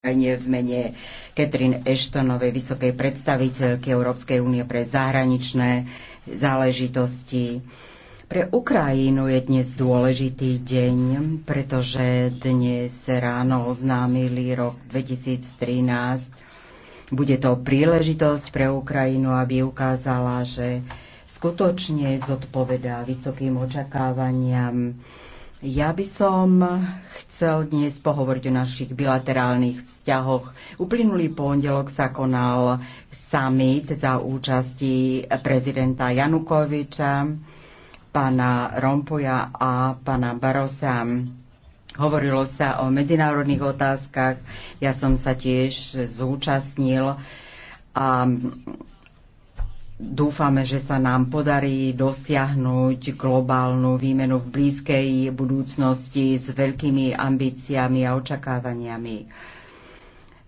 v mene Katrin Eštonovej, vysokej predstaviteľky Európskej únie pre zahraničné záležitosti. Pre Ukrajinu je dnes dôležitý deň, pretože dnes ráno oznámili rok 2013. Bude to príležitosť pre Ukrajinu, aby ukázala, že skutočne zodpovedá vysokým očakávaniam ja by som chcel dnes pohovoriť o našich bilaterálnych vzťahoch. Uplynulý pondelok sa konal summit za účasti prezidenta Janukoviča, pána Rompuja a pána Barosa. Hovorilo sa o medzinárodných otázkach. Ja som sa tiež zúčastnil a Dúfame, že sa nám podarí dosiahnuť globálnu výmenu v blízkej budúcnosti s veľkými ambíciami a očakávaniami.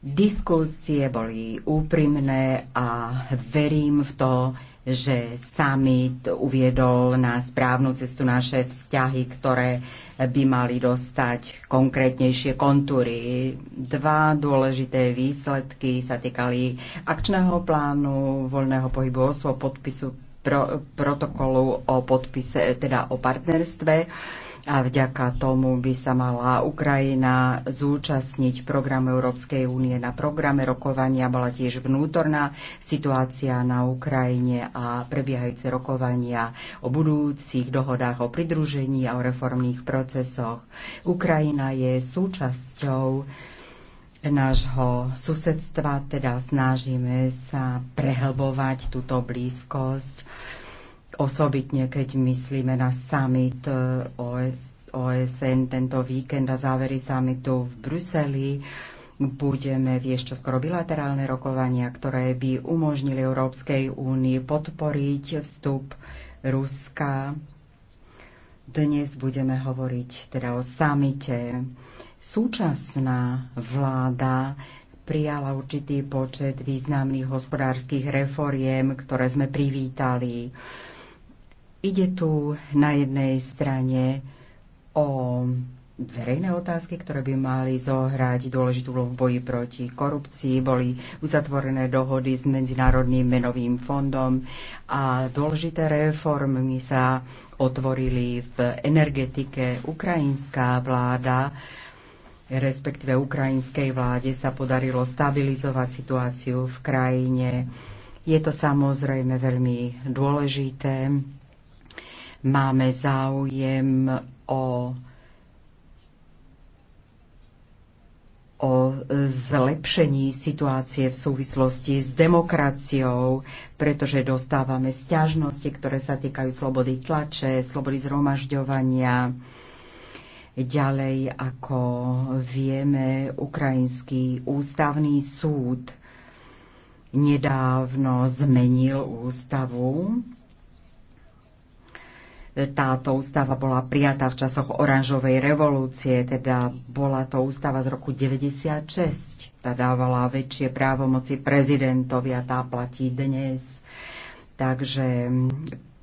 Diskusie boli úprimné a verím v to, že summit uviedol na správnu cestu naše vzťahy, ktoré by mali dostať konkrétnejšie kontúry. Dva dôležité výsledky sa týkali akčného plánu voľného pohybu osôb, podpisu pro, protokolu o podpise, teda o partnerstve a vďaka tomu by sa mala Ukrajina zúčastniť program Európskej únie. Na programe rokovania bola tiež vnútorná situácia na Ukrajine a prebiehajúce rokovania o budúcich dohodách o pridružení a o reformných procesoch. Ukrajina je súčasťou nášho susedstva, teda snažíme sa prehlbovať túto blízkosť osobitne keď myslíme na summit e, OS, OSN tento víkend a závery summitu v Bruseli. Budeme viesť čoskoro bilaterálne rokovania, ktoré by umožnili Európskej únii podporiť vstup Ruska. Dnes budeme hovoriť teda o samite. Súčasná vláda prijala určitý počet významných hospodárskych reforiem, ktoré sme privítali Ide tu na jednej strane o verejné otázky, ktoré by mali zohrať dôležitú úlohu v boji proti korupcii. Boli uzatvorené dohody s Medzinárodným menovým fondom a dôležité reformy sa otvorili v energetike. Ukrajinská vláda respektíve ukrajinskej vláde sa podarilo stabilizovať situáciu v krajine. Je to samozrejme veľmi dôležité Máme záujem o o zlepšení situácie v súvislosti s demokraciou, pretože dostávame stiažnosti, ktoré sa týkajú slobody tlače, slobody zhromažďovania. Ďalej, ako vieme, Ukrajinský ústavný súd nedávno zmenil ústavu táto ústava bola prijatá v časoch oranžovej revolúcie, teda bola to ústava z roku 96. Tá dávala väčšie právomoci prezidentovi a tá platí dnes. Takže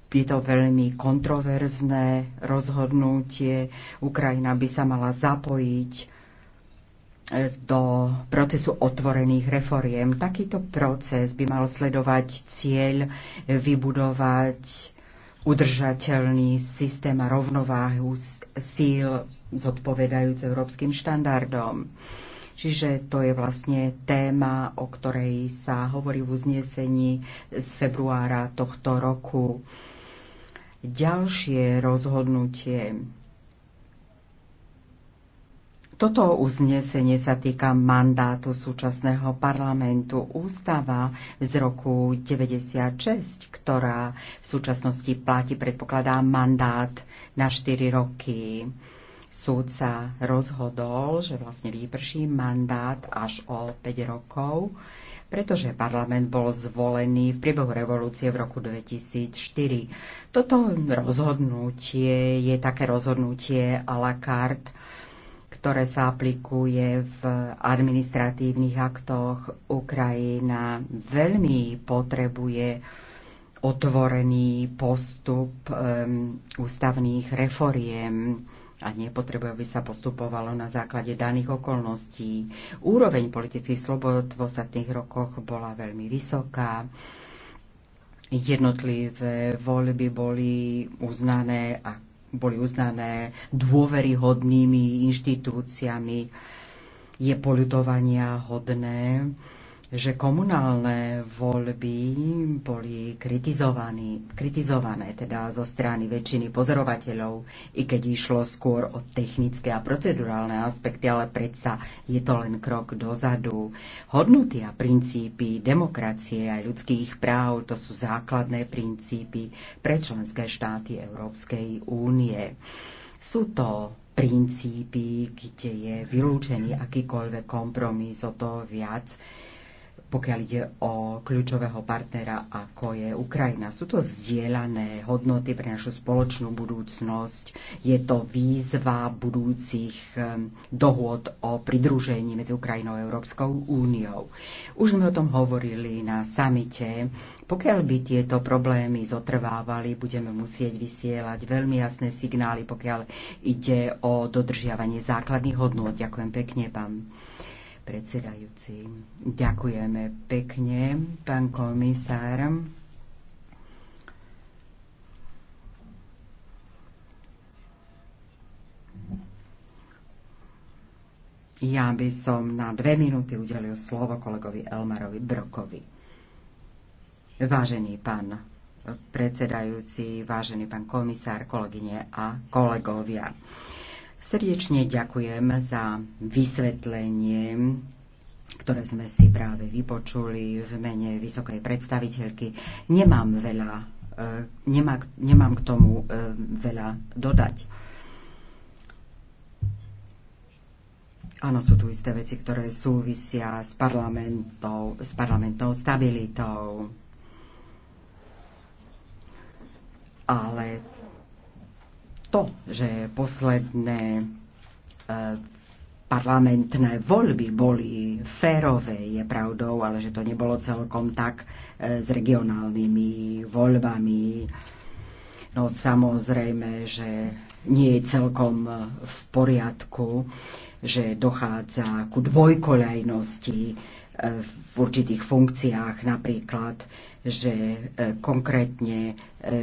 je to veľmi kontroverzné rozhodnutie. Ukrajina by sa mala zapojiť e, do procesu otvorených reforiem. Takýto proces by mal sledovať cieľ vybudovať udržateľný systém a rovnováhu síl zodpovedajúc európskym štandardom. Čiže to je vlastne téma, o ktorej sa hovorí v uznesení z februára tohto roku. Ďalšie rozhodnutie toto uznesenie sa týka mandátu súčasného parlamentu ústava z roku 96, ktorá v súčasnosti platí, predpokladá mandát na 4 roky. Súd sa rozhodol, že vlastne vyprší mandát až o 5 rokov, pretože parlament bol zvolený v priebehu revolúcie v roku 2004. Toto rozhodnutie je také rozhodnutie a la carte ktoré sa aplikuje v administratívnych aktoch. Ukrajina veľmi potrebuje otvorený postup um, ústavných reforiem a nepotrebuje, aby sa postupovalo na základe daných okolností. Úroveň politických slobod v ostatných rokoch bola veľmi vysoká. Jednotlivé voľby boli uznané ako boli uznané dôveryhodnými inštitúciami. Je poľutovania hodné, že komunálne voľby boli kritizované teda zo strany väčšiny pozorovateľov, i keď išlo skôr o technické a procedurálne aspekty, ale predsa je to len krok dozadu. Hodnoty a princípy demokracie a ľudských práv to sú základné princípy pre členské štáty Európskej únie. Sú to princípy, kde je vylúčený akýkoľvek kompromis, o to viac pokiaľ ide o kľúčového partnera, ako je Ukrajina. Sú to zdieľané hodnoty pre našu spoločnú budúcnosť. Je to výzva budúcich dohôd o pridružení medzi Ukrajinou a Európskou úniou. Už sme o tom hovorili na samite. Pokiaľ by tieto problémy zotrvávali, budeme musieť vysielať veľmi jasné signály, pokiaľ ide o dodržiavanie základných hodnôt. Ďakujem pekne, pán predsedajúci. Ďakujeme pekne, pán komisár. Ja by som na dve minúty udelil slovo kolegovi Elmarovi Brokovi. Vážený pán predsedajúci, vážený pán komisár, kolegyne a kolegovia. Srdečne ďakujem za vysvetlenie ktoré sme si práve vypočuli v mene vysokej predstaviteľky. Nemám veľa, e, nemá, nemám k tomu e, veľa dodať. Áno, sú tu isté veci, ktoré súvisia s parlamentou, s parlamentou stabilitou. Ale to, že posledné e, parlamentné voľby boli férové, je pravdou, ale že to nebolo celkom tak e, s regionálnymi voľbami. No samozrejme, že nie je celkom v poriadku, že dochádza ku dvojkoľajnosti v určitých funkciách, napríklad, že e, konkrétne e,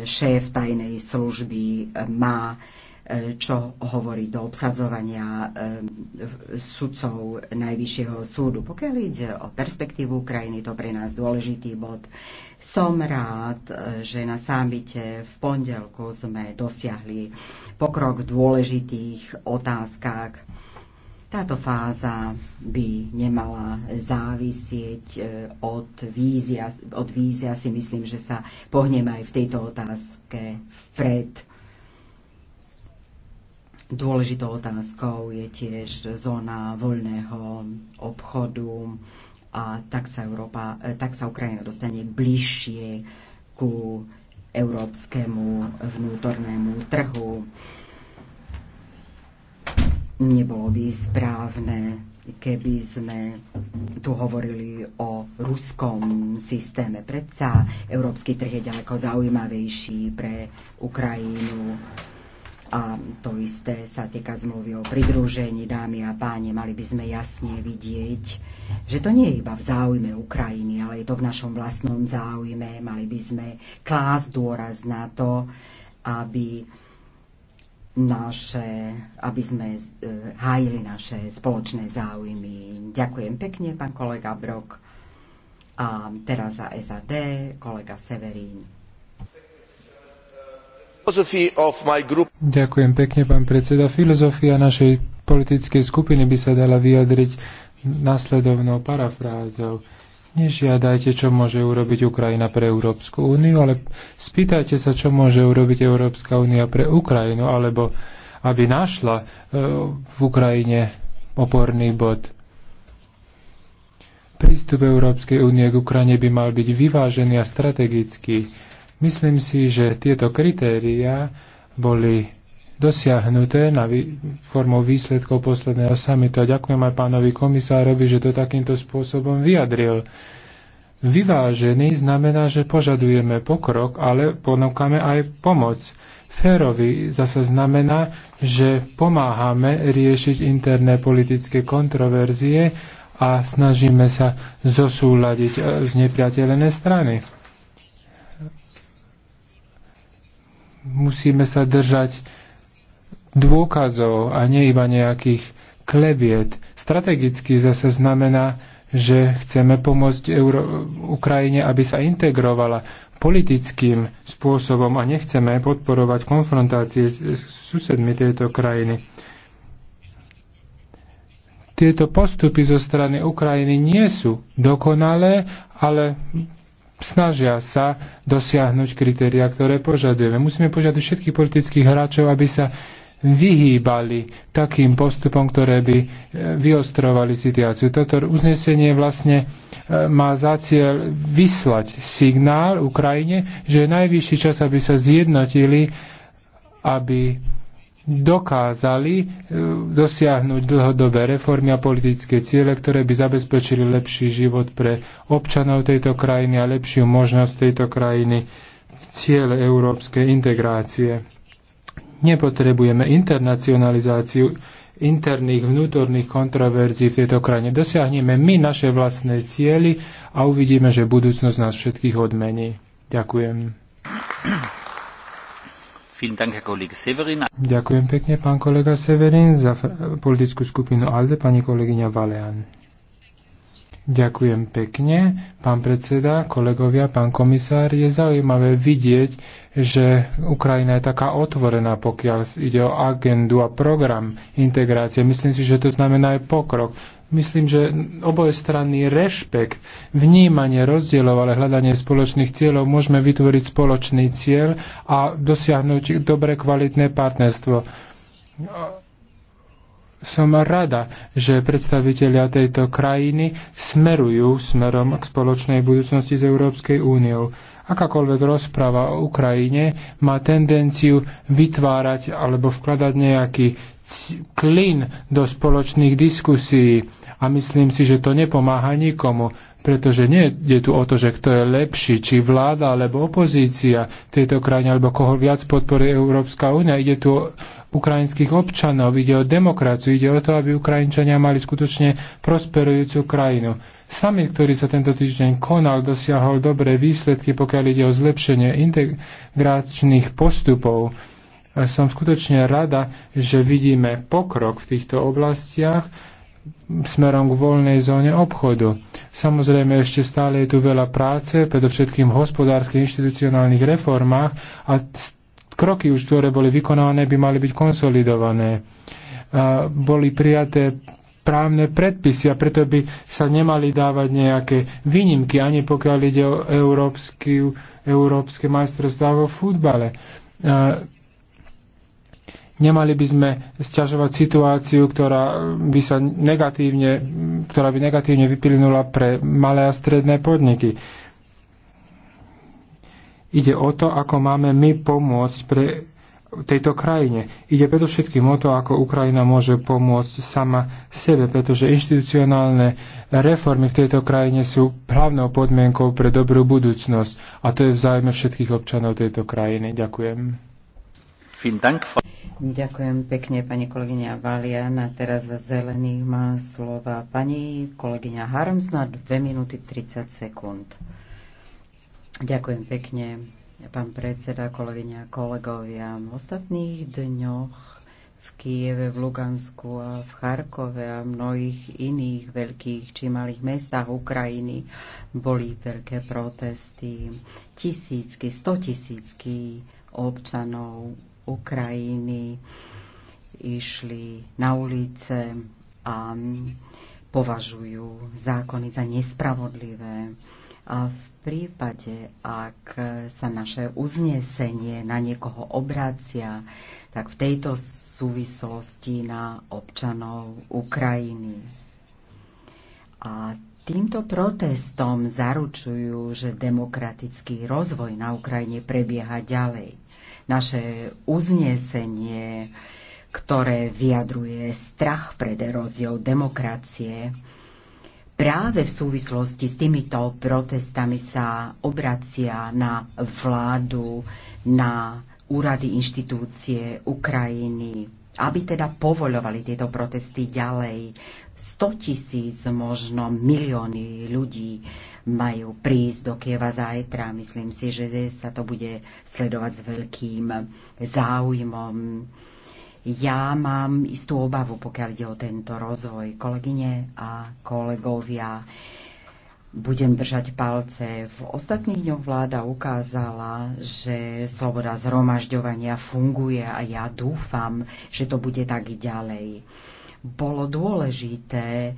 šéf tajnej služby e, má čo hovorí do obsadzovania sudcov Najvyššieho súdu. Pokiaľ ide o perspektívu Ukrajiny, to pre nás dôležitý bod. Som rád, že na samite v pondelku sme dosiahli pokrok v dôležitých otázkach táto fáza by nemala závisieť e, od vízia. Od vízia si myslím, že sa pohneme aj v tejto otázke vpred. Dôležitou otázkou je tiež zóna voľného obchodu a tak sa, Európa, e, tak sa Ukrajina dostane bližšie ku európskemu vnútornému trhu nebolo by správne, keby sme tu hovorili o ruskom systéme. Predsa európsky trh je ďaleko zaujímavejší pre Ukrajinu. A to isté sa týka zmluvy o pridružení, dámy a páni, mali by sme jasne vidieť, že to nie je iba v záujme Ukrajiny, ale je to v našom vlastnom záujme. Mali by sme klásť dôraz na to, aby naše, aby sme e, hájili naše spoločné záujmy. Ďakujem pekne, pán kolega Brok. A teraz za SAD, kolega Severín. Ďakujem pekne, pán predseda. Filozofia našej politickej skupiny by sa dala vyjadriť nasledovnou parafrázou Nežiadajte, čo môže urobiť Ukrajina pre Európsku úniu, ale spýtajte sa, čo môže urobiť Európska únia pre Ukrajinu, alebo aby našla e, v Ukrajine oporný bod. Prístup Európskej únie k Ukrajine by mal byť vyvážený a strategický. Myslím si, že tieto kritériá boli dosiahnuté na vý, formou výsledkov posledného samitu. A ďakujem aj pánovi komisárovi, že to takýmto spôsobom vyjadril. Vyvážený znamená, že požadujeme pokrok, ale ponúkame aj pomoc. Férovi zase znamená, že pomáhame riešiť interné politické kontroverzie a snažíme sa zosúľadiť e, nepriateľené strany. Musíme sa držať dôkazov a nie iba nejakých klebiet. Strategicky zase znamená, že chceme pomôcť Euro- Ukrajine, aby sa integrovala politickým spôsobom a nechceme podporovať konfrontácie s, s susedmi tejto krajiny. Tieto postupy zo strany Ukrajiny nie sú dokonalé, ale snažia sa dosiahnuť kritéria, ktoré požadujeme. Musíme požiadať všetkých politických hráčov, aby sa vyhýbali takým postupom, ktoré by e, vyostrovali situáciu. Toto uznesenie vlastne e, má za cieľ vyslať signál Ukrajine, že je najvyšší čas, aby sa zjednotili, aby dokázali e, dosiahnuť dlhodobé reformy a politické ciele, ktoré by zabezpečili lepší život pre občanov tejto krajiny a lepšiu možnosť tejto krajiny v ciele európskej integrácie. Nepotrebujeme internacionalizáciu interných vnútorných kontroverzií v tejto krajine. Dosiahneme my naše vlastné cieľy a uvidíme, že budúcnosť nás všetkých odmení. Ďakujem. Ďakujem pekne, pán kolega Severin, za politickú skupinu ALDE, pani kolegyňa Valean. Ďakujem pekne. Pán predseda, kolegovia, pán komisár, je zaujímavé vidieť, že Ukrajina je taká otvorená, pokiaľ ide o agendu a program integrácie. Myslím si, že to znamená aj pokrok. Myslím, že obojstranný rešpekt, vnímanie rozdielov, ale hľadanie spoločných cieľov môžeme vytvoriť spoločný cieľ a dosiahnuť dobre kvalitné partnerstvo som rada, že predstavitelia tejto krajiny smerujú smerom k spoločnej budúcnosti s Európskej úniou. Akákoľvek rozpráva o Ukrajine má tendenciu vytvárať alebo vkladať nejaký klin do spoločných diskusí a myslím si, že to nepomáha nikomu, pretože nie je tu o to, že kto je lepší, či vláda alebo opozícia tejto krajine, alebo koho viac podporuje Európska únia. Ide tu o ukrajinských občanov, ide o demokraciu, ide o to, aby Ukrajinčania mali skutočne prosperujúcu krajinu. Summit, ktorý sa tento týždeň konal, dosiahol dobré výsledky, pokiaľ ide o zlepšenie integračných postupov. Som skutočne rada, že vidíme pokrok v týchto oblastiach smerom k voľnej zóne obchodu. Samozrejme, ešte stále je tu veľa práce, predovšetkým v hospodárskych inštitucionálnych reformách a kroky už, ktoré boli vykonané, by mali byť konsolidované. Boli prijaté právne predpisy a preto by sa nemali dávať nejaké výnimky, ani pokiaľ ide o európsky, európske majstrovstvá vo futbale. Nemali by sme sťažovať situáciu, ktorá by, sa negatívne, ktorá by negatívne vyplynula pre malé a stredné podniky. Ide o to, ako máme my pomôcť pre tejto krajine. Ide predovšetkým o to, ako Ukrajina môže pomôcť sama sebe, pretože inštitucionálne reformy v tejto krajine sú hlavnou podmienkou pre dobrú budúcnosť a to je vzájme všetkých občanov tejto krajiny. Ďakujem. Ďakujem pekne, pani kolegyňa Valian. A teraz za zelených má slova pani kolegyňa Harms na 2 minúty 30 sekúnd. Ďakujem pekne, pán predseda, kolegyňa, kolegovia. V ostatných dňoch v Kieve, v Lugansku a v Charkove a mnohých iných veľkých či malých mestách Ukrajiny boli veľké protesty. Tisícky, stotisícky občanov Ukrajiny išli na ulice a považujú zákony za nespravodlivé a v prípade, ak sa naše uznesenie na niekoho obracia, tak v tejto súvislosti na občanov Ukrajiny. A Týmto protestom zaručujú, že demokratický rozvoj na Ukrajine prebieha ďalej. Naše uznesenie, ktoré vyjadruje strach pred eróziou demokracie, Práve v súvislosti s týmito protestami sa obracia na vládu, na úrady inštitúcie Ukrajiny, aby teda povoľovali tieto protesty ďalej. 100 tisíc, možno milióny ľudí majú prísť do Kieva zajtra. Myslím si, že sa to bude sledovať s veľkým záujmom. Ja mám istú obavu, pokiaľ ide o tento rozvoj. Kolegyne a kolegovia, budem držať palce. V ostatných dňoch vláda ukázala, že sloboda zhromažďovania funguje a ja dúfam, že to bude tak ďalej. Bolo dôležité,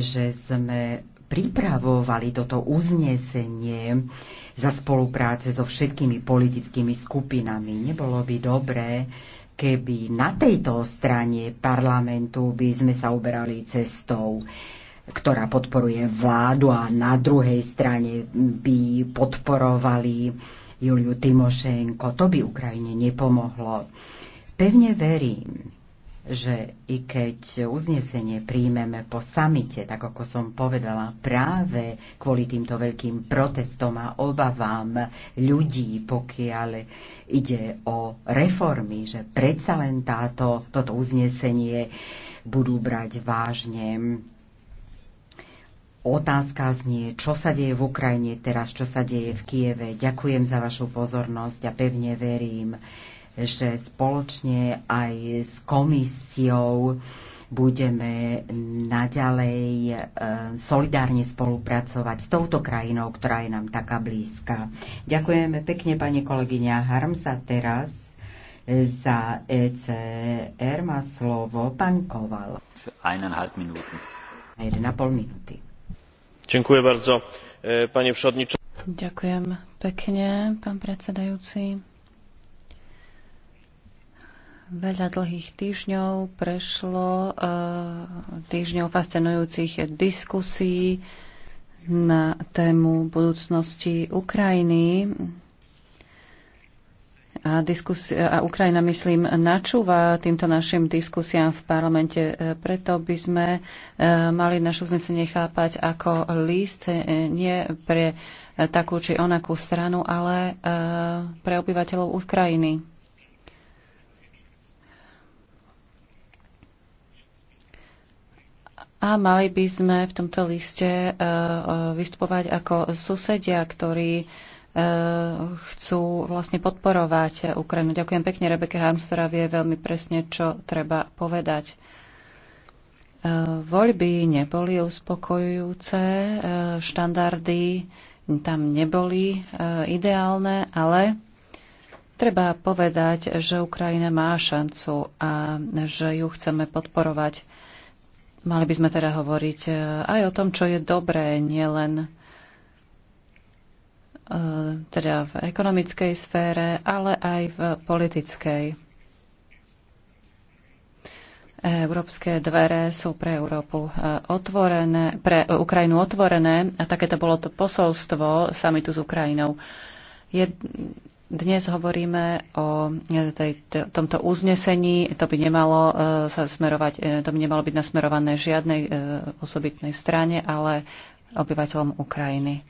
že sme pripravovali toto uznesenie za spolupráce so všetkými politickými skupinami. Nebolo by dobré, keby na tejto strane parlamentu by sme sa uberali cestou, ktorá podporuje vládu a na druhej strane by podporovali Juliu Timošenko. To by Ukrajine nepomohlo. Pevne verím, že i keď uznesenie príjmeme po samite, tak ako som povedala, práve kvôli týmto veľkým protestom a obavám ľudí, pokiaľ ide o reformy, že predsa len táto, toto uznesenie budú brať vážne. Otázka znie, čo sa deje v Ukrajine teraz, čo sa deje v Kieve. Ďakujem za vašu pozornosť a pevne verím, že spoločne aj s komisiou budeme naďalej e, solidárne spolupracovať s touto krajinou, ktorá je nám taká blízka. Ďakujeme pekne, pani kolegyňa Harmsa. Teraz za ECR má slovo pán Koval. 1,5 minúty. 1,5 minúty. Ďakujem bardzo, e, Ďakujem pekne, pán predsedajúci. Veľa dlhých týždňov prešlo, eh, týždňov fascinujúcich diskusí na tému budúcnosti Ukrajiny. A, diskusi- a Ukrajina, myslím, načúva týmto našim diskusiám v parlamente. Eh, preto by sme eh, mali naše uznesenie chápať ako list nie pre takú či onakú stranu, ale pre obyvateľov Ukrajiny. A mali by sme v tomto liste e, e, vystupovať ako susedia, ktorí e, chcú vlastne podporovať Ukrajinu. Ďakujem pekne, Rebeke Harmstora vie veľmi presne, čo treba povedať. Voľby neboli uspokojujúce, štandardy tam neboli ideálne, ale treba povedať, že Ukrajina má šancu a že ju chceme podporovať. Mali by sme teda hovoriť e, aj o tom, čo je dobré, nielen e, teda v ekonomickej sfére, ale aj v politickej. Európske dvere sú pre Európu e, otvorené, pre Ukrajinu otvorené a takéto bolo to posolstvo samitu s Ukrajinou. Je, dnes hovoríme o e, tej, tomto uznesení, to by nemalo e, sa smerovať, e, to by nemalo byť nasmerované žiadnej osobitnej strane, ale obyvateľom Ukrajiny.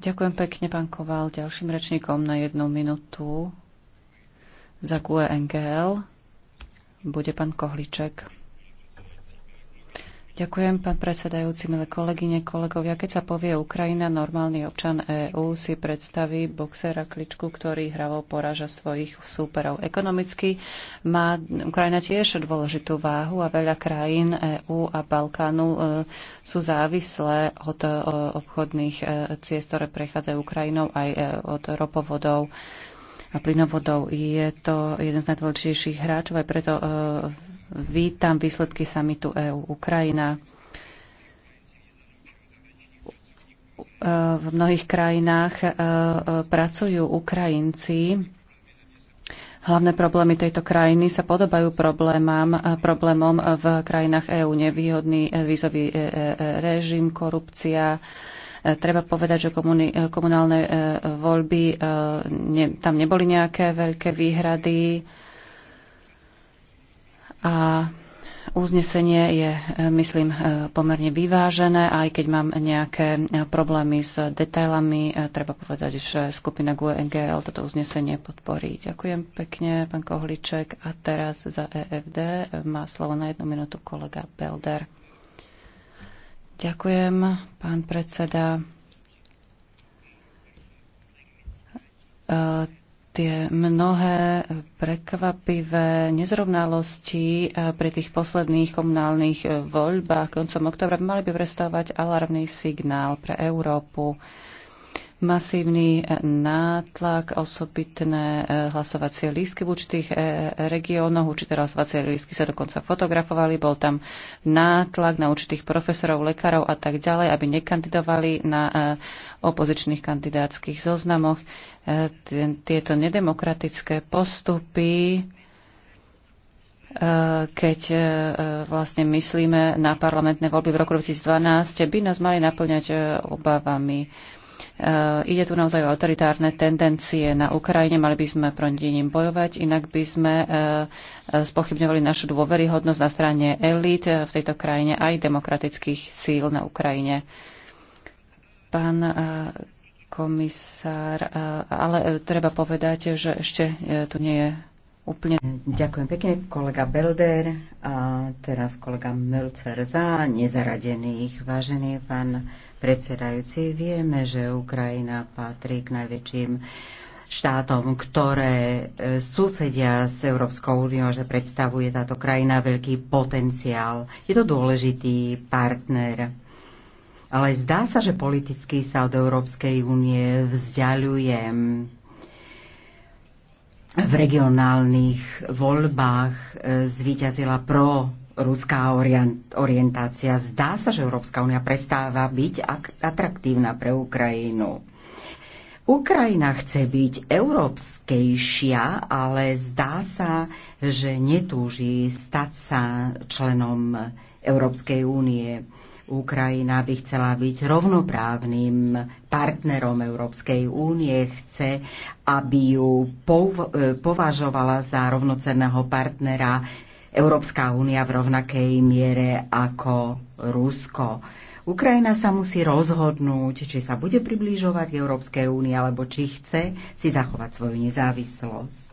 Ďakujem pekne, pán Koval. Ďalším rečníkom na jednu minútu za QNGL bude pán Kohliček. Ďakujem, pán predsedajúci, milé kolegyne, kolegovia. Keď sa povie Ukrajina, normálny občan EÚ si predstaví boxera Kličku, ktorý hravo poraža svojich súperov. Ekonomicky má Ukrajina tiež dôležitú váhu a veľa krajín EÚ a Balkánu e, sú závislé od e, obchodných e, ciest, ktoré prechádzajú Ukrajinou aj od ropovodov a plynovodov. Je to jeden z najdôležitejších hráčov, aj preto Vítam výsledky samitu EU-Ukrajina. V mnohých krajinách e, e, pracujú Ukrajinci. Hlavné problémy tejto krajiny sa podobajú problémom, e, problémom v krajinách EÚ. Nevýhodný vízový režim, korupcia, Treba povedať, že komuni- komunálne voľby, ne, tam neboli nejaké veľké výhrady. A uznesenie je, e, myslím, e, pomerne vyvážené, aj keď mám nejaké e, problémy s detailami. Treba povedať, že skupina NGL toto uznesenie podporí. Ďakujem pekne, pán Kohliček. A teraz za EFD má slovo na jednu minútu kolega Belder. Ďakujem, pán predseda tie mnohé prekvapivé nezrovnalosti eh, pri tých posledných komunálnych eh, voľbách koncom oktobra mali by predstavovať alarmný signál pre Európu masívny e, nátlak, osobitné e, hlasovacie lístky v určitých e, regiónoch. Určité hlasovacie lístky sa dokonca fotografovali. Bol tam nátlak na určitých profesorov, lekárov a tak ďalej, aby nekandidovali na opozičných kandidátskych zoznamoch. Tieto nedemokratické postupy keď vlastne myslíme na parlamentné voľby v roku 2012, by nás mali naplňať obavami. Eh, ide tu naozaj o autoritárne tendencie na Ukrajine, mali by sme proti ním bojovať, inak by sme eh, eh, spochybňovali našu dôveryhodnosť na strane elít v tejto krajine aj demokratických síl na Ukrajine. Pán komisár, ale treba povedať, že ešte tu nie je úplne. Ďakujem pekne, kolega Belder a teraz kolega Melcer za nezaradených. Vážený pán predsedajúci. Vieme, že Ukrajina patrí k najväčším štátom, ktoré e, susedia s Európskou úniou, že predstavuje táto krajina veľký potenciál. Je to dôležitý partner. Ale zdá sa, že politicky sa od Európskej únie vzdialuje V regionálnych voľbách e, zvíťazila pro ruská orientácia. Zdá sa, že Európska únia prestáva byť atraktívna pre Ukrajinu. Ukrajina chce byť európskejšia, ale zdá sa, že netúži stať sa členom Európskej únie. Ukrajina by chcela byť rovnoprávnym partnerom Európskej únie, chce, aby ju považovala za rovnocenného partnera Európska únia v rovnakej miere ako Rusko. Ukrajina sa musí rozhodnúť, či sa bude približovať k Európskej únii, alebo či chce si zachovať svoju nezávislosť.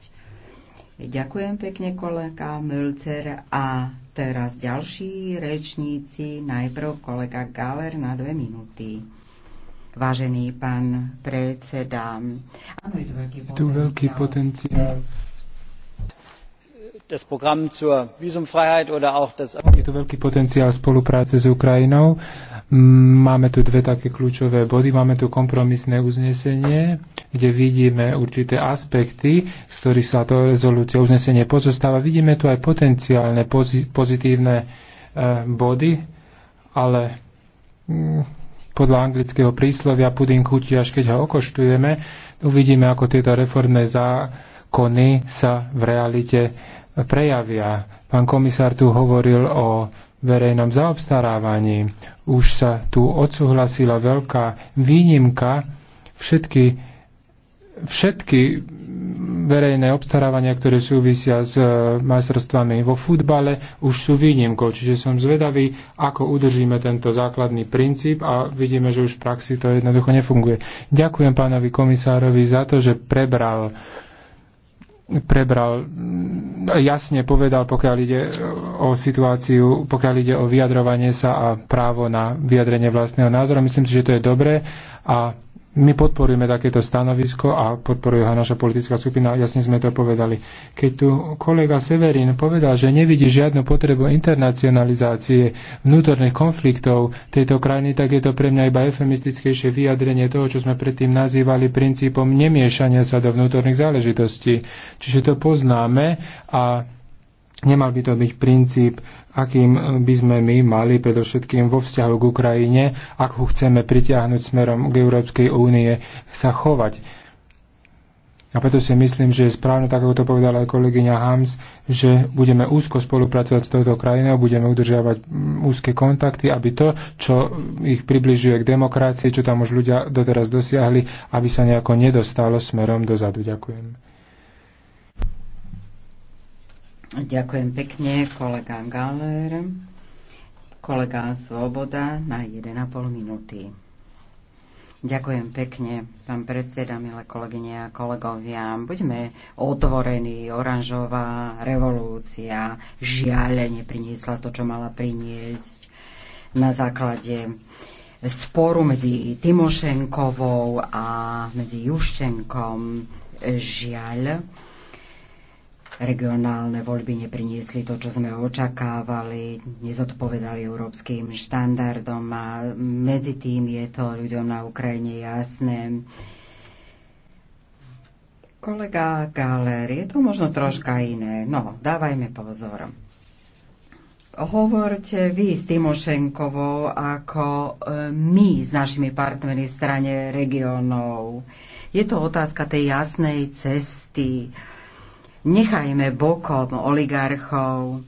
Ďakujem pekne kolega Mülcer a teraz ďalší rečníci, najprv kolega Galer na dve minúty. Vážený pán predseda, áno, je tu veľký potenciál. Tu veľký potenciál das Programm zur Visumfreiheit oder auch das... Je tu veľký potenciál spolupráce s Ukrajinou. Mm, máme tu dve také kľúčové body. Máme tu kompromisné uznesenie, kde vidíme určité aspekty, z ktorých sa to rezolúcia uznesenie pozostáva. Vidíme tu aj potenciálne pozitívne e, body, ale mm, podľa anglického príslovia pudín chutí, až keď ho okoštujeme, uvidíme, ako tieto reformné zákony sa v realite prejavia. Pán komisár tu hovoril o verejnom zaobstarávaní. Už sa tu odsúhlasila veľká výnimka všetky, všetky verejné obstarávania, ktoré súvisia s e, majstrovstvami vo futbale, už sú výnimkou. Čiže som zvedavý, ako udržíme tento základný princíp a vidíme, že už v praxi to jednoducho nefunguje. Ďakujem pánovi komisárovi za to, že prebral uh, prebral, jasne povedal, pokiaľ ide o situáciu, pokiaľ ide o vyjadrovanie sa a právo na vyjadrenie vlastného názoru. Myslím si, že to je dobré a my podporujeme takéto stanovisko a podporuje ho naša politická skupina, jasne sme to povedali. Keď tu kolega Severin povedal, že nevidí žiadnu potrebu internacionalizácie vnútorných konfliktov tejto krajiny, tak je to pre mňa iba efemistickejšie vyjadrenie toho, čo sme predtým nazývali princípom nemiešania sa do vnútorných záležitostí. Čiže to poznáme a Nemal by to byť princíp, akým by sme my mali predovšetkým vo vzťahu k Ukrajine, ak ho chceme pritiahnuť smerom k Európskej únie, sa chovať. A preto si myslím, že je správne, tak ako to povedala aj kolegyňa Hams, že budeme úzko spolupracovať s touto krajinou, budeme udržiavať mm, úzke kontakty, aby to, čo ich približuje k demokracii, čo tam už ľudia doteraz dosiahli, aby sa nejako nedostalo smerom dozadu. Ďakujem. Ďakujem pekne, kolega Galer. Kolega Svoboda na 1,5 minúty. Ďakujem pekne, pán predseda, milé kolegyne a kolegovia. Buďme otvorení. Oranžová revolúcia žiaľ nepriniesla to, čo mala priniesť na základe sporu medzi Timošenkovou a medzi Juščenkom. Žiaľ, regionálne voľby nepriniesli to, čo sme očakávali, nezodpovedali európskym štandardom a medzi tým je to ľuďom na Ukrajine jasné. Kolega Galer, je to možno troška iné. No, dávajme pozor. Hovorte vy s Timošenkovou ako e, my s našimi partnermi strane regionov. Je to otázka tej jasnej cesty Nechajme bokom oligarchov,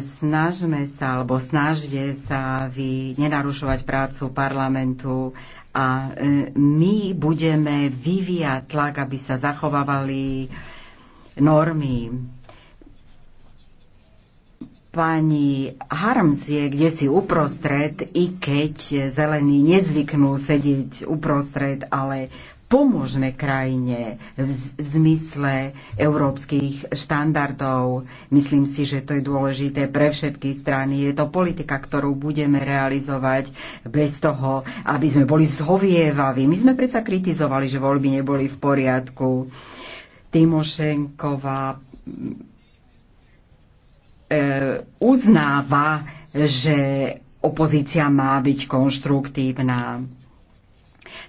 snažme sa, alebo snažte sa vy nenarušovať prácu parlamentu a e, my budeme vyvíjať tlak, aby sa zachovávali normy. Pani Harms je kde si uprostred, i keď zelení nezvyknú sedieť uprostred, ale pomôžme krajine v, v zmysle európskych štandardov. Myslím si, že to je dôležité pre všetky strany. Je to politika, ktorú budeme realizovať bez toho, aby sme boli zhovievaví. My sme predsa kritizovali, že voľby neboli v poriadku. Timošenková e, uznáva, že opozícia má byť konštruktívna.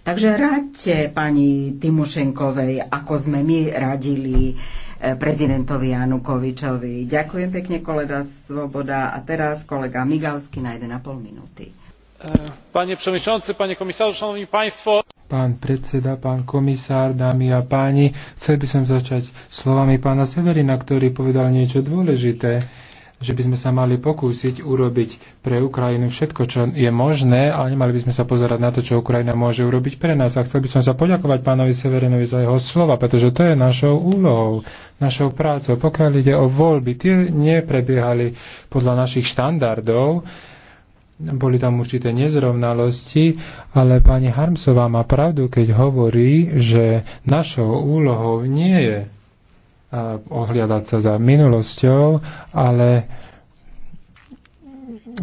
Takže radte pani Timošenkovej, ako sme my radili e, prezidentovi Janukovičovi. Ďakujem pekne, kolega Svoboda. A teraz kolega Migalsky na 1,5 minúty. E, Pane przewodniczący, panie komisarzu, szanowni państwo. Pán predseda, pán komisár, dámy a páni, chcel by som začať slovami pána Severina, ktorý povedal niečo dôležité že by sme sa mali pokúsiť urobiť pre Ukrajinu všetko, čo je možné, ale nemali by sme sa pozerať na to, čo Ukrajina môže urobiť pre nás. A chcel by som sa poďakovať pánovi Severinovi za jeho slova, pretože to je našou úlohou, našou prácou. Pokiaľ ide o voľby, tie neprebiehali podľa našich štandardov, boli tam určité nezrovnalosti, ale pani Harmsová má pravdu, keď hovorí, že našou úlohou nie je ohliadať sa za minulosťou, ale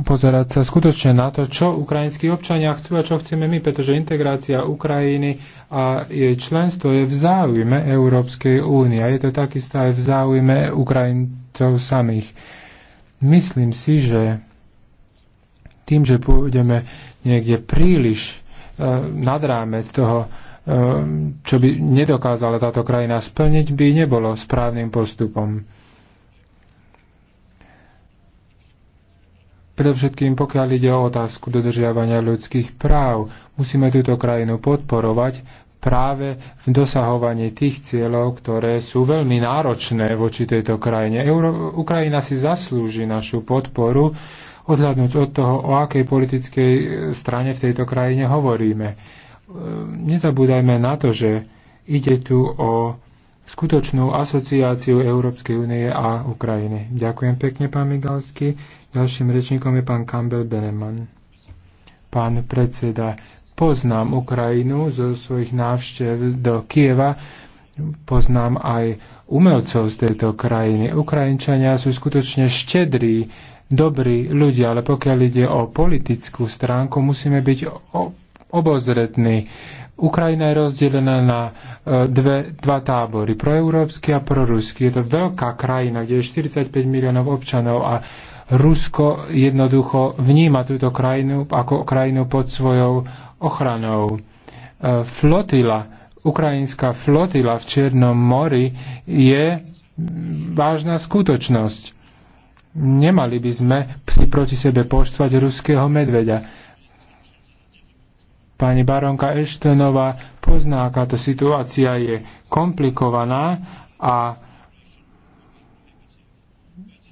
pozerať sa skutočne na to, čo ukrajinskí občania chcú a čo chceme my, pretože integrácia Ukrajiny a jej členstvo je v záujme Európskej únie a je to takisto aj v záujme Ukrajincov samých. Myslím si, že tým, že pôjdeme niekde príliš eh, nad rámec toho Ehm, čo by nedokázala táto krajina splniť, by nebolo správnym postupom. Predovšetkým pokiaľ ide o otázku dodržiavania ľudských práv, musíme túto krajinu podporovať práve v dosahovaní tých cieľov, ktoré sú veľmi náročné voči tejto krajine. Euro- Ukrajina si zaslúži našu podporu, odhľadnúť od toho, o akej politickej strane v tejto krajine hovoríme Ehm, nezabúdajme na to, že ide tu o skutočnú asociáciu Európskej únie a Ukrajiny. Ďakujem pekne, pán Migalsky. Ďalším rečníkom je pán Campbell Beneman. Pán predseda, poznám Ukrajinu zo svojich návštev do Kieva. Poznám aj umelcov z tejto krajiny. Ukrajinčania sú skutočne štedrí dobrí ľudia, ale pokiaľ ide o politickú stránku, musíme byť obozretný. Ukrajina je rozdelená na e, dve, dva tábory, proeurópsky a proruský. Je to veľká krajina, kde je 45 miliónov občanov a Rusko jednoducho vníma túto krajinu ako krajinu pod svojou ochranou. E, flotila, ukrajinská flotila v Černom mori je vážna skutočnosť. Nemali by sme si proti sebe poštvať ruského medveďa Pani baronka Eštenová pozná, akáto to situácia je komplikovaná a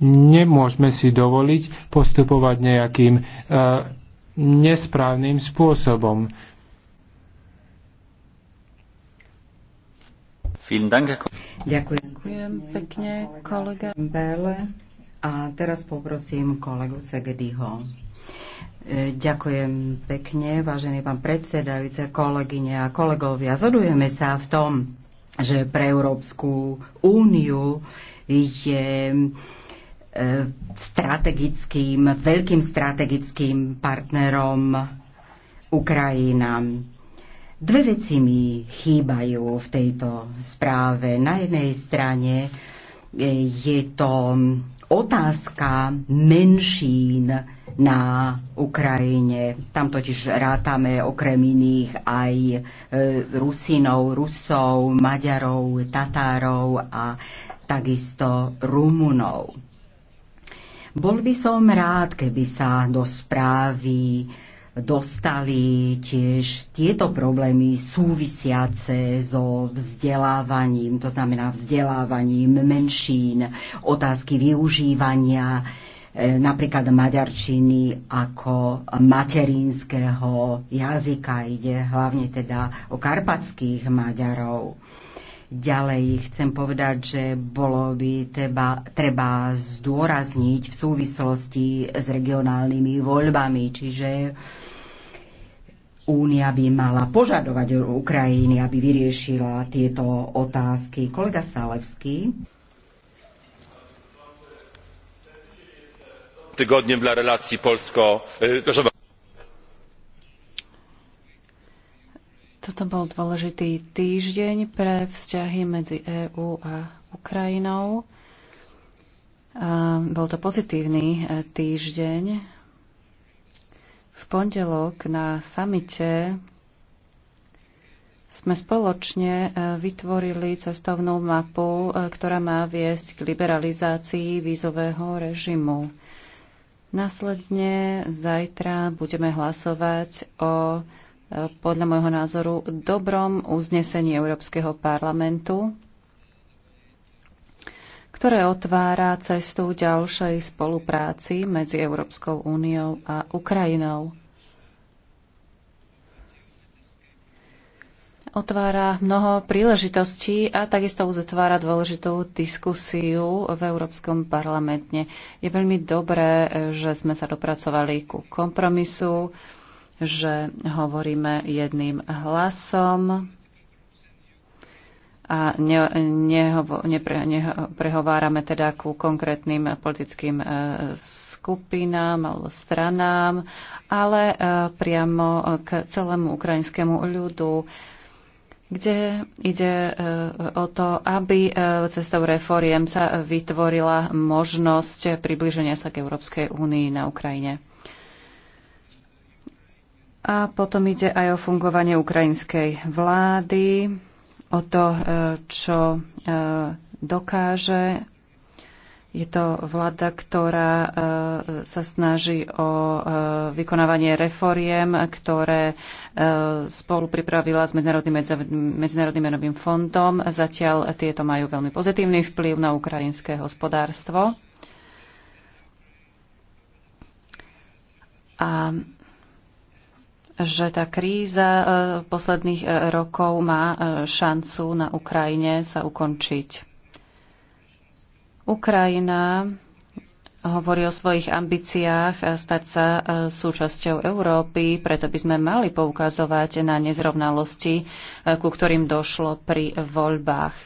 nemôžeme si dovoliť postupovať nejakým e, nesprávnym spôsobom. Ďakujem. pekne, kolega Bele. A teraz poprosím kolegu Segediho. Ďakujem pekne, vážený pán predsedajúce, kolegyne a kolegovia. Zhodujeme sa v tom, že pre Európsku úniu je e, strategickým, veľkým strategickým partnerom Ukrajina. Dve veci mi chýbajú v tejto správe. Na jednej strane e, je to otázka menšín na Ukrajine. Tam totiž rátame okrem iných aj e, Rusinov, Rusov, Maďarov, Tatárov a takisto Rumunov. Bol by som rád, keby sa do správy dostali tiež tieto problémy súvisiace so vzdelávaním, to znamená vzdelávaním menšín, otázky využívania E, napríklad maďarčiny ako materinského jazyka. Ide hlavne teda o karpatských Maďarov. Ďalej chcem povedať, že bolo by treba, treba zdôrazniť v súvislosti s regionálnymi voľbami, čiže Únia by mala požadovať Ukrajiny, aby vyriešila tieto otázky. Kolega Sálevský. tygodniem dla relacji polsko Toto bol dôležitý týždeň pre vzťahy medzi EÚ a Ukrajinou. A bol to pozitívny e, týždeň. V pondelok na samite sme spoločne e, vytvorili cestovnú mapu, e, ktorá má viesť k liberalizácii vízového režimu. Následne zajtra budeme hlasovať o e, podľa môjho názoru dobrom uznesení Európskeho parlamentu, ktoré otvára cestu ďalšej spolupráci medzi Európskou úniou a Ukrajinou. otvára mnoho príležitostí a takisto uzatvára dôležitú diskusiu v Európskom parlamente. Je veľmi dobré, že sme sa dopracovali ku kompromisu, že hovoríme jedným hlasom a ne, nehovo, nepre, neprehovárame teda ku konkrétnym politickým e, skupinám alebo stranám, ale e, priamo k celému ukrajinskému ľudu kde ide e, o to, aby e, cestou reforiem sa vytvorila možnosť približenia sa k Európskej únii na Ukrajine. A potom ide aj o fungovanie ukrajinskej vlády, o to, e, čo dokáže je to vláda, ktorá e, sa snaží o e, vykonávanie reforiem, ktoré e, spolu pripravila s Medzinárodným, Medzinárodným menovým fondom. Zatiaľ tieto majú veľmi pozitívny vplyv na ukrajinské hospodárstvo. A že tá kríza posledných rokov má šancu na Ukrajine sa ukončiť. Ukrajina hovorí o svojich ambíciách eh, stať sa eh, súčasťou Európy, preto by sme mali poukazovať na nezrovnalosti, eh, ku ktorým došlo pri voľbách.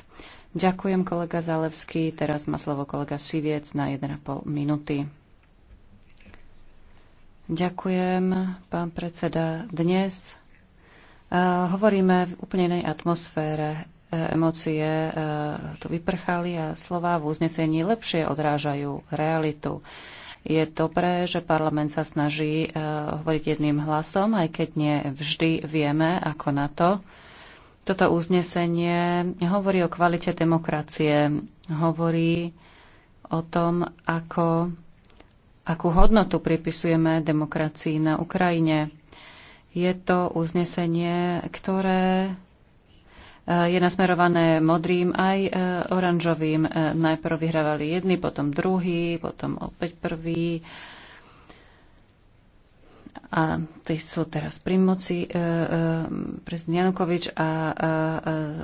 Ďakujem, kolega Zalevský. Teraz má slovo kolega Siviec na 1,5 minúty. Ďakujem, pán predseda. Dnes hovoríme v úplne inej atmosfére emócie e, tu vyprchali a slova v uznesení lepšie odrážajú realitu. Je dobré, že parlament sa snaží e, hovoriť jedným hlasom, aj keď nie vždy vieme, ako na to. Toto uznesenie hovorí o kvalite demokracie, hovorí o tom, ako, akú hodnotu pripisujeme demokracii na Ukrajine. Je to uznesenie, ktoré je nasmerované modrým aj e, oranžovým. E, Najprv vyhrávali jedni, potom druhý, potom opäť prvý. A tí sú teraz pri moci e, prezident Janukovič a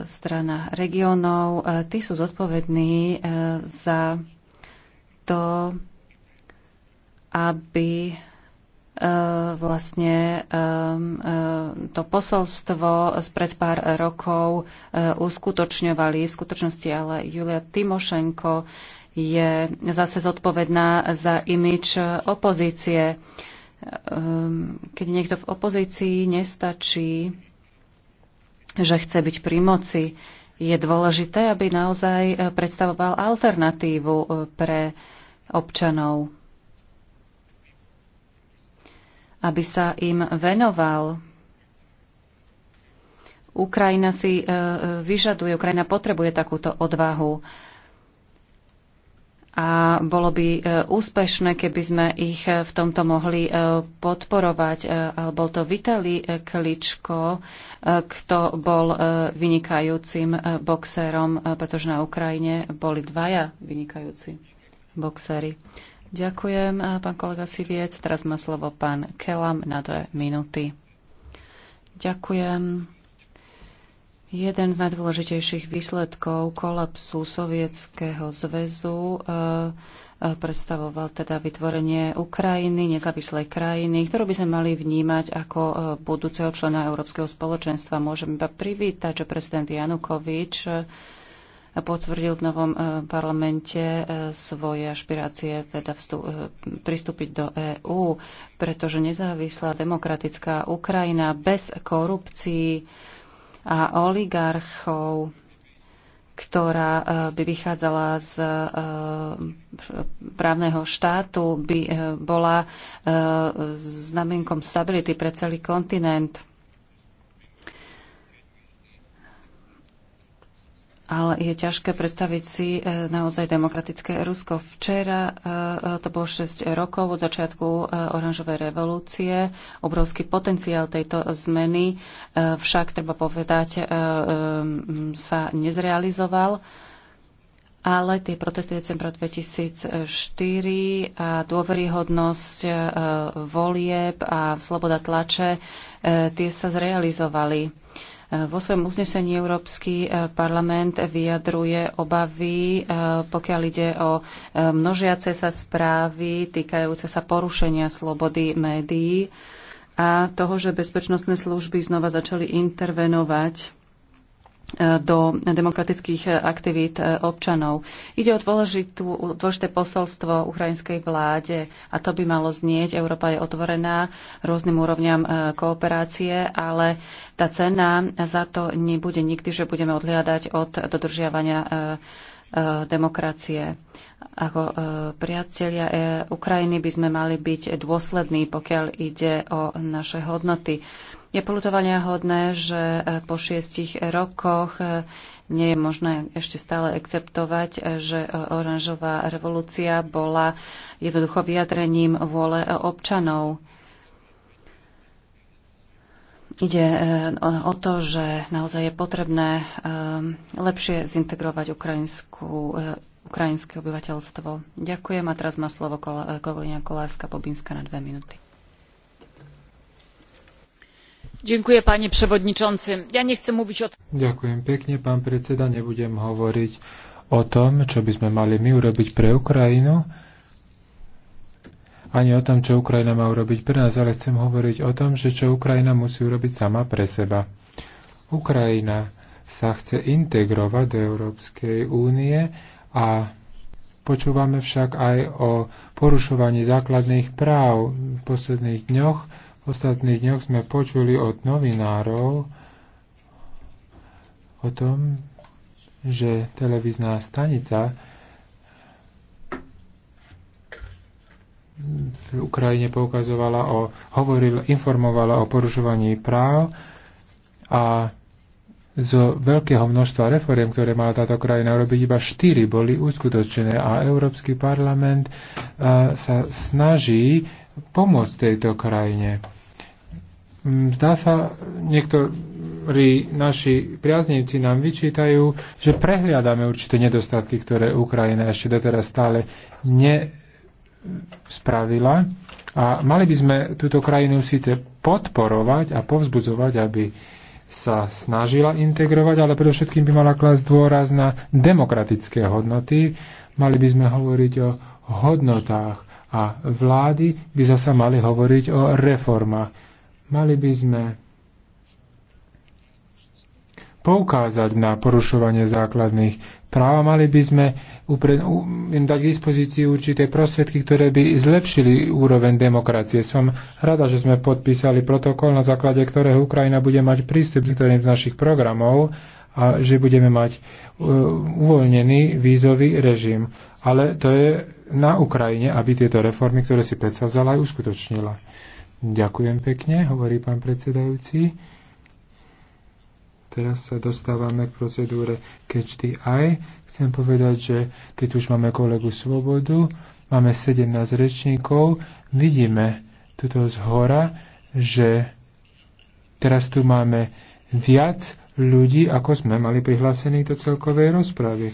strana regionov. Tí sú zodpovední za to, aby Eh, vlastne eh, to posolstvo spred pár rokov eh, uskutočňovali. V skutočnosti ale Julia Timošenko je zase zodpovedná za imič opozície. Keď niekto v opozícii nestačí, že chce byť pri moci, je dôležité, aby naozaj predstavoval alternatívu pre občanov aby sa im venoval. Ukrajina si e, e, vyžaduje, Ukrajina potrebuje takúto odvahu. A bolo by e, úspešné, keby sme ich v tomto mohli podporovať. alebo bol to Vitali Kličko, kto bol vynikajúcim boxérom, pretože na Ukrajine boli dvaja vynikajúci boxery. Ďakujem, eh, pán kolega Siviec. Teraz má slovo pán Kelam na dve minúty. Ďakujem. Jeden z najdôležitejších výsledkov kolapsu Sovietskeho zväzu eh, eh, predstavoval teda vytvorenie Ukrajiny, nezávislej krajiny, ktorú by sme mali vnímať ako budúceho člena Európskeho spoločenstva. Môžem iba privítať, že prezident Janukovič potvrdil v novom e, parlamente e, svoje ašpirácie teda vstup, e, pristúpiť do EÚ, pretože nezávislá demokratická Ukrajina bez korupcií a oligarchov ktorá by vychádzala z právneho štátu, by bola znamienkom stability pre celý kontinent. ale je ťažké predstaviť si e, naozaj demokratické Rusko. Včera e, e, to bolo 6 rokov od začiatku oranžovej revolúcie, obrovský potenciál tejto zmeny však, treba povedať, sa nezrealizoval. Ale tie protesty decembra 2004 a dôveryhodnosť volieb a sloboda tlače, tie sa zrealizovali vo svojom uznesení Európsky e, parlament vyjadruje obavy, e, pokiaľ ide o e, množiace sa správy týkajúce sa porušenia slobody médií a toho, že bezpečnostné služby znova začali intervenovať do demokratických aktivít e, občanov. Ide o dôležitú, dôležité posolstvo ukrajinskej vláde a to by malo znieť. Európa je otvorená rôznym úrovňam e, kooperácie, ale tá cena za to nebude nikdy, že budeme odliadať od dodržiavania e, demokracie. Ako priatelia Ukrajiny by sme mali byť dôslední, pokiaľ ide o naše hodnoty. Je polutovania hodné, že e, po šiestich rokoch e, nie je možné ešte stále akceptovať, e, že oranžová revolúcia bola jednoducho vyjadrením vôle občanov. Ide o to, že naozaj je potrebné lepšie zintegrovať ukrajinskú, ukrajinské obyvateľstvo. Ďakujem a teraz má slovo kolegyňa Kolárska Bobinska na dve minúty. Ďakujem, pani przewodniczący. Ja mówić o... Ďakujem pekne, pán predseda. Nebudem hovoriť o tom, čo by sme mali my urobiť pre Ukrajinu, ani o tom, čo Ukrajina má urobiť pre nás, ale chcem hovoriť o tom, že čo Ukrajina musí urobiť sama pre seba. Ukrajina sa chce integrovať do Európskej únie a počúvame však aj o porušovaní základných práv v posledných dňoch ostatných dňoch sme počuli od novinárov o tom, že televízna stanica v Ukrajine poukazovala o, hovoril, informovala o porušovaní práv a zo veľkého množstva reforiem, ktoré mala táto krajina urobiť, iba štyri boli uskutočené a Európsky parlament sa snaží pomôcť tejto krajine. Mm, zdá sa, niektorí naši priaznivci nám vyčítajú, že prehliadame určité nedostatky, ktoré Ukrajina ešte doteraz stále nespravila. A mali by sme túto krajinu síce podporovať a povzbudzovať, aby sa snažila integrovať, ale predovšetkým by mala klásť dôraz na demokratické hodnoty. Mali by sme hovoriť o hodnotách a vlády by zasa mali hovoriť o reformách Mali by sme poukázať na porušovanie základných práv a mali by sme upred, im dať k dispozícii určité prostriedky, ktoré by zlepšili úroveň demokracie. Som rada, že sme podpísali protokol, na základe ktorého Ukrajina bude mať prístup k ktorým z našich programov a že budeme mať uh, uvoľnený vízový režim. Ale to je na Ukrajine, aby tieto reformy, ktoré si vzala, aj uskutočnila. Ďakujem pekne, hovorí pán predsedajúci. Teraz sa dostávame k procedúre Catch the Eye. Chcem povedať, že keď už máme kolegu Svobodu, máme 17 rečníkov, vidíme tuto zhora, že teraz tu máme viac ľudí, ako sme mali prihlásených do celkovej rozpravy.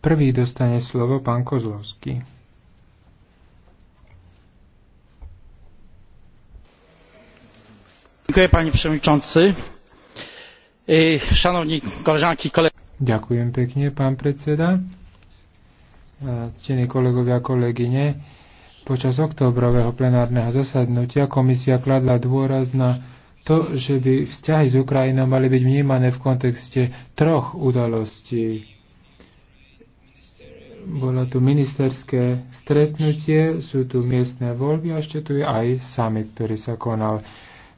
Prvý dostane slovo pán Kozlovský. Ďakujem pekne, pán predseda. Ctení kolegovia a kolegyne, počas októbrového plenárneho zasadnutia komisia kladla dôraz na to, že by vzťahy s Ukrajinou mali byť vnímané v kontexte troch udalostí. Bolo tu ministerské stretnutie, sú tu miestne voľby a ešte tu je aj summit, ktorý sa konal.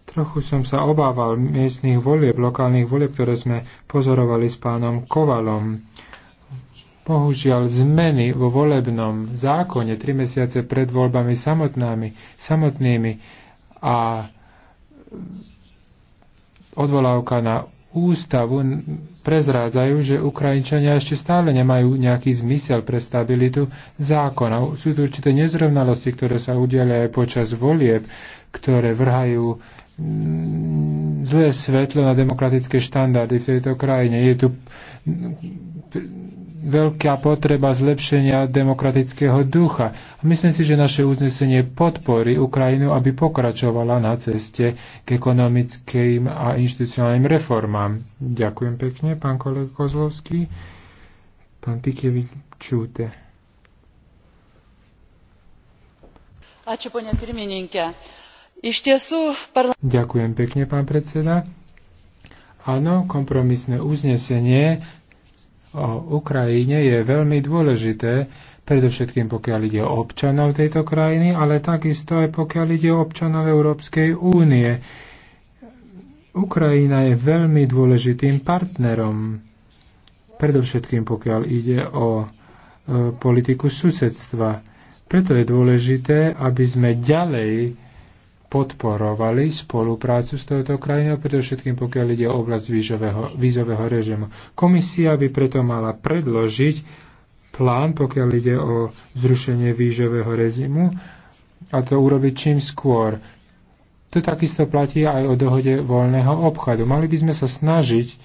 Trochu som sa obával miestnych volieb, lokálnych volieb, ktoré sme pozorovali s pánom Kovalom. Bohužiaľ, zmeny vo volebnom zákone tri mesiace pred voľbami samotnými, samotnými a odvolávka na ústavu prezrádzajú, že Ukrajinčania ešte stále nemajú nejaký zmysel pre stabilitu zákona. Sú tu určité nezrovnalosti, ktoré sa udiali aj počas volieb, ktoré vrhajú Mm, zlé svetlo na demokratické štandardy v tejto krajine. Je tu veľká potreba zlepšenia demokratického ducha. Myslím si, že naše uznesenie podporí Ukrajinu, aby pokračovala na ceste k ekonomickým a inštitucionálnym reformám. Ďakujem pekne, pán kolega Kozlovský. Pán Pikevič, čúte. čo po nej Iš tiesų, parla... Ďakujem pekne, pán predseda. Áno, kompromisné uznesenie o Ukrajine je veľmi dôležité, predovšetkým pokiaľ ide o občanov tejto krajiny, ale takisto aj pokiaľ ide o občanov Európskej únie. Ukrajina je veľmi dôležitým partnerom, predovšetkým pokiaľ ide o e, politiku susedstva. Preto je dôležité, aby sme ďalej podporovali spoluprácu s touto krajinou, predovšetkým pokiaľ ide o oblasť vízového režimu. Komisia by preto mala predložiť plán, pokiaľ ide o zrušenie vízového režimu a to urobiť čím skôr. To takisto platí aj o dohode voľného obchodu. Mali by sme sa snažiť e,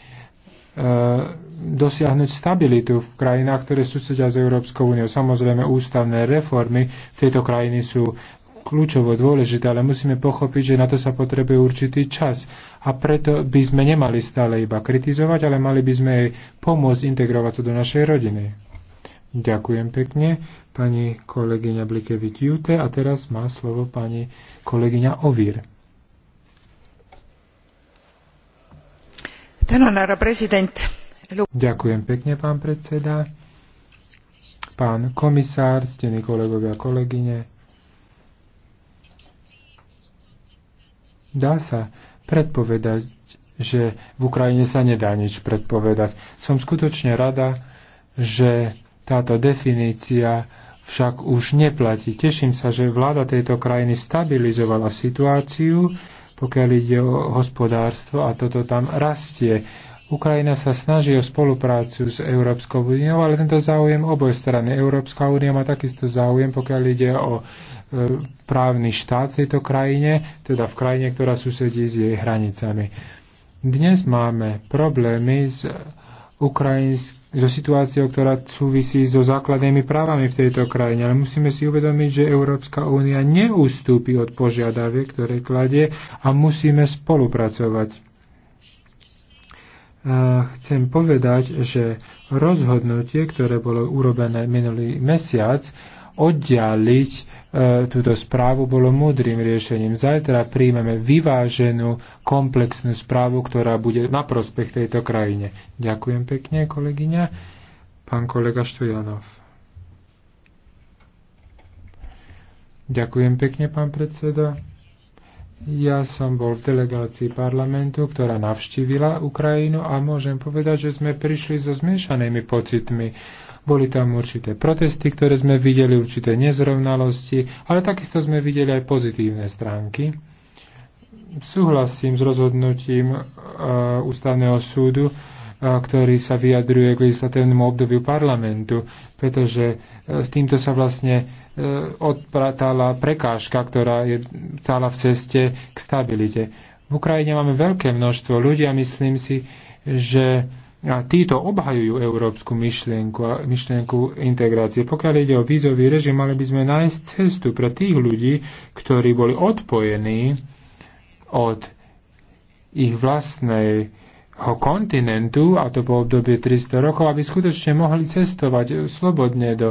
dosiahnuť stabilitu v krajinách, ktoré susedia s Európskou úniou. Samozrejme, ústavné reformy v tejto krajiny sú kľúčovo dôležité, ale musíme pochopiť, že na to sa potrebuje určitý čas. A preto by sme nemali stále iba kritizovať, ale mali by sme jej pomôcť integrovať sa do našej rodiny. Ďakujem pekne, pani kolegyňa Blikevič Jute. A teraz má slovo pani kolegyňa Ovír. Ďakujem pekne, pán predseda. Pán komisár, stení kolegovia a kolegyne, Dá sa predpovedať, že v Ukrajine sa nedá nič predpovedať. Som skutočne rada, že táto definícia však už neplatí. Teším sa, že vláda tejto krajiny stabilizovala situáciu, pokiaľ ide o hospodárstvo a toto tam rastie. Ukrajina sa snaží o spoluprácu s Európskou úniou, ale tento záujem oboj strany. Európska únia má takisto záujem, pokiaľ ide o e, právny štát v tejto krajine, teda v krajine, ktorá susedí s jej hranicami. Dnes máme problémy s Ukrajinsk- so situáciou, ktorá súvisí so základnými právami v tejto krajine. Ale musíme si uvedomiť, že Európska únia neustúpi od požiadaviek, ktoré kladie a musíme spolupracovať chcem povedať, že rozhodnutie, ktoré bolo urobené minulý mesiac, oddialiť e, túto správu bolo múdrym riešením. Zajtra príjmeme vyváženú, komplexnú správu, ktorá bude na prospech tejto krajine. Ďakujem pekne, kolegyňa. Pán kolega Štujanov. Ďakujem pekne, pán predseda. Ja som bol v delegácii parlamentu, ktorá navštívila Ukrajinu a môžem povedať, že sme prišli so zmiešanými pocitmi. Boli tam určité protesty, ktoré sme videli, určité nezrovnalosti, ale takisto sme videli aj pozitívne stránky. Súhlasím s rozhodnutím uh, ústavného súdu, ktorý sa vyjadruje k legislatívnemu obdobiu parlamentu, pretože e, s týmto sa vlastne e, odpratala prekážka, ktorá je stála v ceste k stabilite. V Ukrajine máme veľké množstvo ľudí a myslím si, že a títo obhajujú európsku myšlienku a myšlienku integrácie. Pokiaľ ide o vízový režim, mali by sme nájsť cestu pre tých ľudí, ktorí boli odpojení od ich vlastnej kontinentu, a to po obdobie 300 rokov, aby skutočne mohli cestovať slobodne do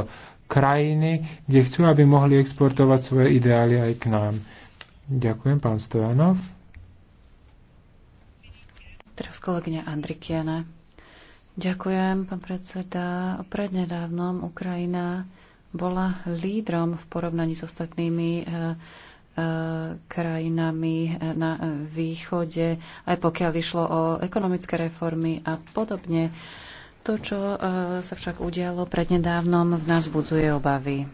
krajiny, kde chcú, aby mohli exportovať svoje ideály aj k nám. Ďakujem, pán Stojanov. Teraz kolegyňa Andrikiana. Ďakujem, pán predseda. Prednedávnom Ukrajina bola lídrom v porovnaní s ostatnými e, krajinami na východe, aj pokiaľ išlo o ekonomické reformy a podobne. To, čo e, sa však udialo prednedávnom, v nás budzuje obavy.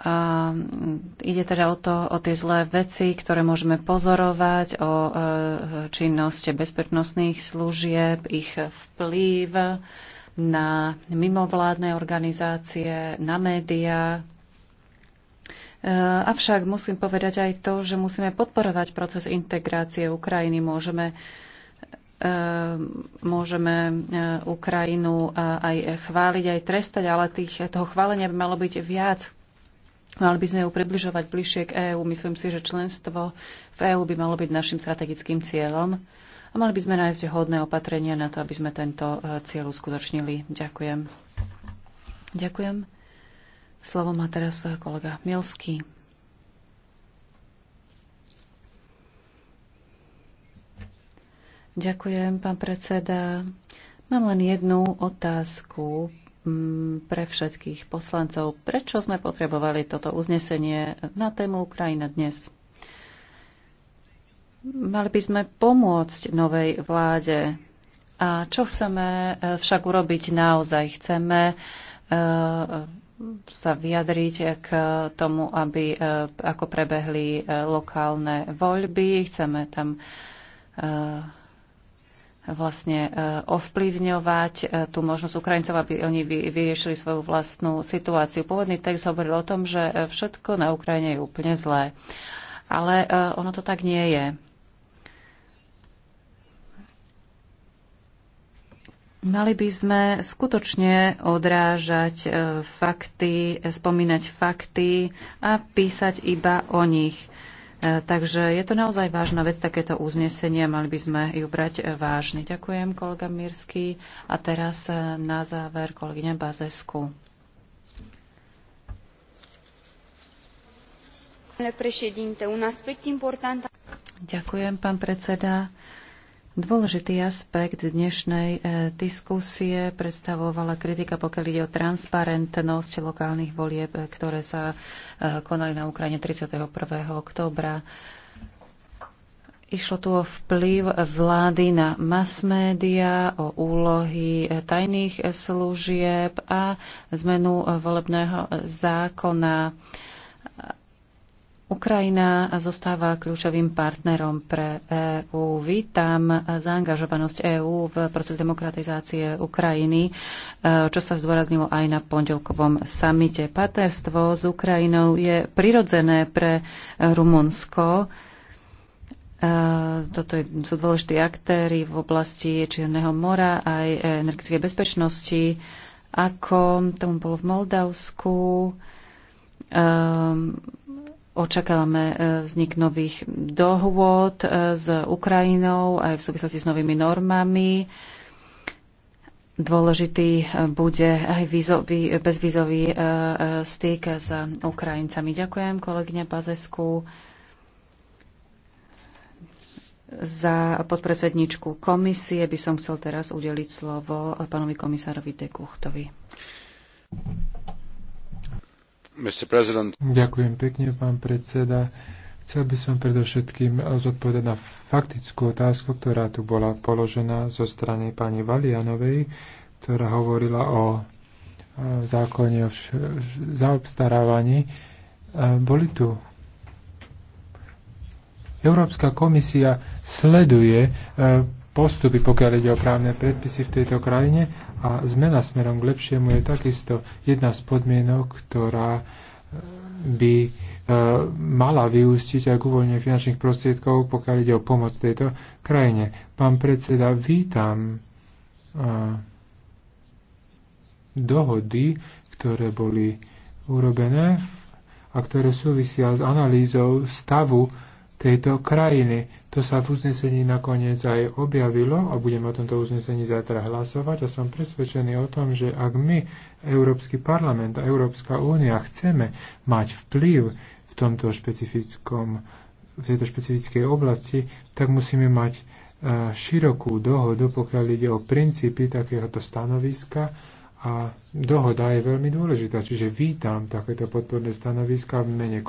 A ide teda o to, o tie zlé veci, ktoré môžeme pozorovať, o e, činnosti bezpečnostných služieb, ich vplyv na mimovládne organizácie, na médiá. Eh, avšak musím povedať aj to, že musíme podporovať proces integrácie Ukrajiny. Môžeme eh, môžeme eh, Ukrajinu aj chváliť, aj trestať, ale tých, toho chválenia by malo byť viac. Mali by sme ju približovať bližšie k EÚ. Myslím si, že členstvo v EÚ by malo byť našim strategickým cieľom a mali by sme nájsť hodné opatrenia na to, aby sme tento e, cieľ uskutočnili. Ďakujem. Ďakujem. Slovo má teraz e, kolega Mielský. Ďakujem, pán predseda. Mám len jednu otázku mm, pre všetkých poslancov. Prečo sme potrebovali toto uznesenie na tému Ukrajina dnes? Mali by sme pomôcť novej vláde. A čo chceme e, však urobiť naozaj? Chceme e, sa vyjadriť k tomu, aby e, ako prebehli lokálne voľby. Chceme tam vlastne ovplyvňovať tú možnosť Ukrajincov, aby oni vyriešili svoju vlastnú situáciu. Pôvodný text hovoril o tom, že všetko na Ukrajine je úplne zlé. Ale ono to tak nie je. Mali by sme skutočne odrážať e, fakty, spomínať fakty a písať iba o nich. E, takže je to naozaj vážna vec, takéto uznesenie, mali by sme ju brať e, vážne. Ďakujem, kolega Mirsky. A teraz na záver kolegyňa Bazesku. Ďakujem, pán predseda. Dôležitý aspekt dnešnej e, diskusie predstavovala kritika, pokiaľ ide o transparentnosť lokálnych volieb, e, ktoré sa e, konali na Ukrajine 31. oktobra. Išlo tu o vplyv vlády na mass média, o úlohy tajných služieb a zmenu volebného zákona Ukrajina zostáva kľúčovým partnerom pre EÚ. Vítam zaangažovanosť EÚ v proces demokratizácie Ukrajiny, e, čo sa zdôraznilo aj na pondelkovom samite. Partnerstvo s Ukrajinou je prirodzené pre Rumunsko. E, toto sú dôležití aktéry v oblasti Čierneho mora aj energetickej bezpečnosti, ako tomu bolo v Moldavsku. Ehm, Očakávame e, vznik nových dohôd e, s Ukrajinou aj v súvislosti s novými normami. Dôležitý e, bude aj vízový, bezvízový styk s Ukrajincami. Ďakujem kolegyňa Pazesku za podpredsedničku komisie by som chcel teraz udeliť slovo pánovi komisárovi de Ďakujem pekne, pán predseda. Chcel by som predovšetkým zodpovedať na faktickú otázku, ktorá tu bola položená zo strany pani Valianovej, ktorá hovorila o zákone o zaobstarávaní. E, boli tu. Európska komisia sleduje e, postupy, pokiaľ ide o právne predpisy v tejto krajine a zmena smerom k lepšiemu je takisto jedna z podmienok, ktorá e, by e, mala vyústiť aj k uvoľneniu finančných prostriedkov, pokiaľ ide o pomoc tejto krajine. Pán predseda, vítam e, dohody, ktoré boli urobené a ktoré súvisia s analýzou stavu tejto krajiny. To sa v uznesení nakoniec aj objavilo a budeme o tomto uznesení zajtra hlasovať a som presvedčený o tom, že ak my, Európsky parlament a Európska únia, chceme mať vplyv v tomto špecifickom v tejto špecifickej oblasti, tak musíme mať e, širokú dohodu, pokiaľ ide o princípy takéhoto stanoviska a dohoda je veľmi dôležitá. Čiže vítam takéto podporné stanoviska v mene